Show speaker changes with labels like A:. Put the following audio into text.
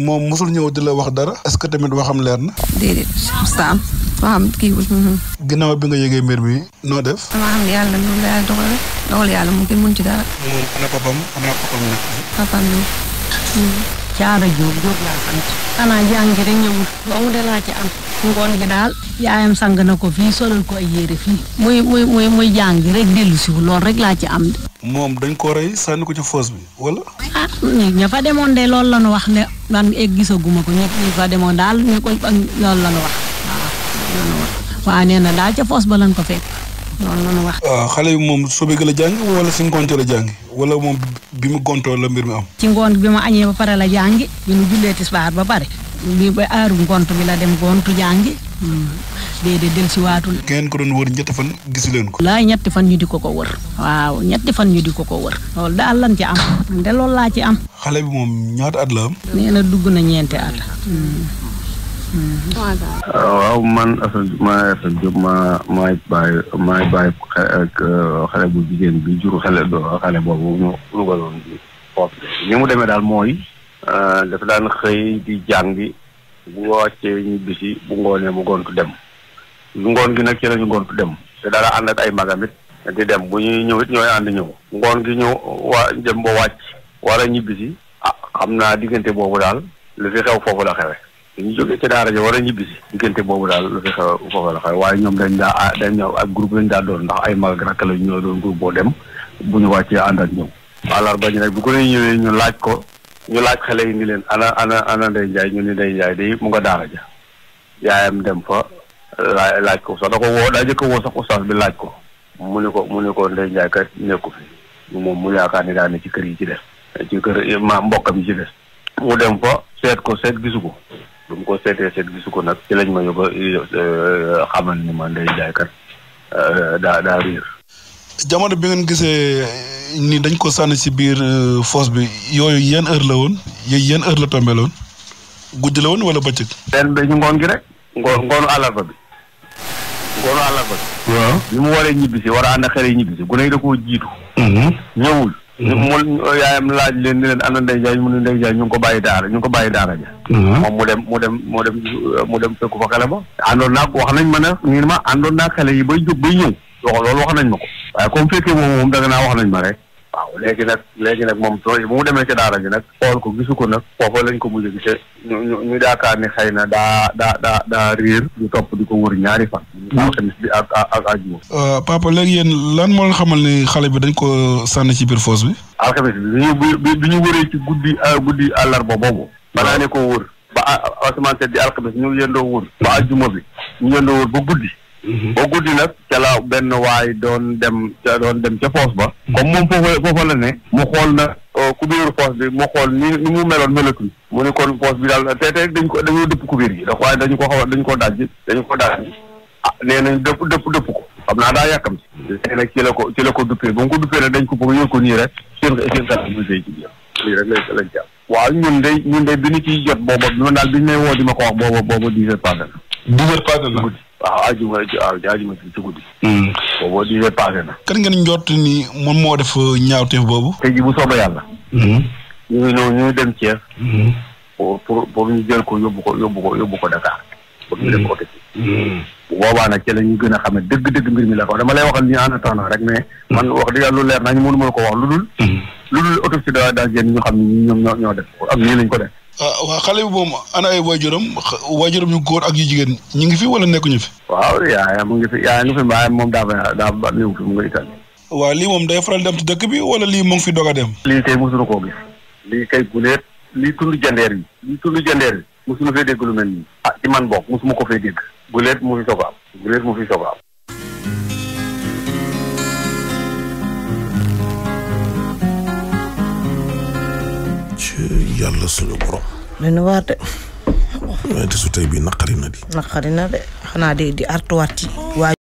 A: moom mosul ñëw di la wax dara est-ce que tamit waxam leer na. déedéet
B: staan waxam kiiwul.
A: ginnaaw bi nga yëgee mbir mi noo def. damaa xam
C: ne yàlla loolu yàlla dogal dogal yàlla mu ngi mën ci dara. moom ana papam caara jóob jóob laa sant xanaa jàngi rek ñëwul doomu de laa ci am ngoon gi daal yaayam sang na ko fii solal ko yére fii muy muy muy muy jàngi rek dellu si loolu rek laa ci am de
A: moom dañ ko rey sànni ko ci foos bi wala
C: ah ña fa demoon de loolu la wax ne man egg gisaguma ko ñëpp ñu fa demoon daal ñu ko ak loolu la ñu wax waa waaw na daal ca foos ba lañ ko fekk loolu la ñu wax.
A: waaw ah, xale yi moom sobéeg la jàngi wala si ngoonte la jàngi wala moom bi mu gontoo la mbir mi am.
C: ci ngoon bi ma añee ba pare la jàngi bi mu jullee tisbaar ba pare bi ba aaru ngont bi la dem gontu jàngi.
A: Hmm, déedéet dellusiwaatul. ngeen ko doon wër ñetti fan gis leen
C: ko. laay ñetti fan ñu di ko ko wër. waaw ñetti fan ñu di ko ko wër. loolu daal lan ci am. de laa ci am.
A: xale bi moom ñaata at la am. nee
C: dugg na ñeenti at. Hmm.
B: waaw man Assane maa Assane Diop maa maay bàyyi maay bàyyi euh, xale bu jigéen bi jur xale xale boobu ñu dugaloon bi demee daal mooy euh, dafa daan xëy di jàngi bu wàccee ñibbisi bu ngoonee mu gontu dem ngoon gi nag ci lañu gontu dem te dara ànd ak ay magamit dem bu ñuy ñëw it ñooy ñëw ngoon gi ñëw waa dem ñibbisi ah naa diggante boobu daal lu fi foofu la xewe ñu jógee ca daara ja war a ñibbisi diggante boobu daal lu fi xew foofa la xew waaye ñoom dañ daa dañ ñëw ak groupe lañ daa doon ndax ay mag rakk lañ ñoo doon groupe boo dem bu ñu wàccee ànd ak ñoom. àllarba ñu nag bu ko ne ñëwee ñu laaj ko ñu laaj xale yi ni leen ana ana ana Ndeye Ndiaye ñu ni Ndeye Ndiaye day mu nga daara ja yaayam dem fa laaj laaj ko sax da ko woo daa jëkk woo sax oustaz bi laaj ko mu ne ko mu ne ko Ndeye Ndiaye kat nekku fi moom mu yaakaar ni daa ne ci kër yi ci des ci kër ma mbokkam yi ci mu dem fa seet ko seet gisu ko bu mu ko seetee seet gisu ko nag ci lañ ma yóbba euh, euh, xamal ni ma ndey jaay kat euh, daa daa riir.
A: jamono bi ngeen gisee ni dañ ko sànni si biir fosse bi yooyu yan heure la woon yooyu yan heure la tombé la guddi la woon wala bëccëg. benn ngoon gi rek. ngoon ngoonu àllarba bi. ngoonu àllarba bi. waaw bi mu waree ñibbisi war a
B: ànd xel ñibbisi gune yi da koo jiitu. Mm-hmm. ñëwul. mu yaayam laaj leen ni leen ana Ndeye Ndiaye mu ne Ndeye Ndiaye ñu ngi ko bàyyi daara ñu ko bàyyi daara ja moom mu dem mu dem mu dem mu dem fekku fa xale ba àndoon naa wax nañ ma ne ñu ma àndoon naa xale yi bay jóg ñëw wax loolu wax nañ ma ko waaye moom moom danga naa wax nañ ma rek léegi nag léegi nag moom tooy bu mu demee ca daara ji nag xool ko gisu ko nag foofa lañ ko mujj gise ñu ñu ñu yaakaar ni xëy na daa daa daa daa réer ñu topp di ko wër ñaari fan alxames bi ak ak àjjuma.
A: Euh, papa léegi yéen lan moo leen xamal ni xale bi dañ ko sànni ci biir foos bi.
B: alxames bi ñu bi bi ñu wëree ci guddi euh, guddi àllarba boobu. balaa ne ko wër. ba ah, ah, asamaan seet di alxames ñu yëndoo wër. ba àjjuma bi ñu yëndoo wër ba guddi. Mhm. ba guddi nag ca la benn waay doon dem ca doon dem ca foos ba. comme moom foofa foofa la ne. mu xool na euh, kubéeru foos bi mu xool ni ni mu meloon melatul. mu ne kon foos bi daal te te dañ ko dañoo dëpp kubéer gi ndax waaye dañu ko xaw dañu ko daaj dañu ko nee nañ dëpp dëpp dëpp ko xam naa daa yàkkam ci nag ci la ko ci la ko duppee ba mu ko duppee nag dañ ko bëgg a yëg ko nii rek seen seen kanam mu sëy ci biir lii lañ lañ waaw ñun de ñun de bi ñu ciy jot booba bi ma daal bi ñu may woo di ma ko wax booba booba dix heures passé na dix heures passé na waaw ajuma waaw ajuma ci guddi hmm. booba dix heures passé
A: kan ngeen njort ni moom moo def euh, ñaawteef boobu tey ji bu soobee yàlla hmm.
B: ñu ngi noonu ñu ngi dem Thiès hmm. pour pour ñu jël ko yóbbu ko yóbbu ko yóbbu ko Dakar pour ñu dem mm. mm. côté la ñu gën a xam ne dëgg-dëgg mbir mi la ko dama lay waxal ñu en attendant
A: rek mais. Mm. man wax dëgg yàlla lu leer nañu mënu ko wax lu dul. lu dul autopsie daal daal yéen ñu xam ne ñoom ñoo ñoo def ko def. ah waaw xale bi moom ana ay waajuram waajuram ñu góor ak ñu ngi fi wala nekkuñu fi. waaw yaay mu ngi fi yaay ngi fi mbaa moom daa ba daa ba néew fi mu ngi Italie. waaw lii moom day faral dem ci dëkk bi wala lii mu ngi fi doog a dem. lii kay mosuñu koo gis.
B: lii kay guleet lii tund jandeer bi lii tund jandeer bi musuma fee dégg lu mel nii. Ah, man bokk musuma ko fee dégg. bu mu fi soog a mu fi soog a am.
A: ci yàlla suñu borom. lu nu waar de. waaye te su tey bi naqari na di.
C: naqari na de xanaa di di artuwaat ci waa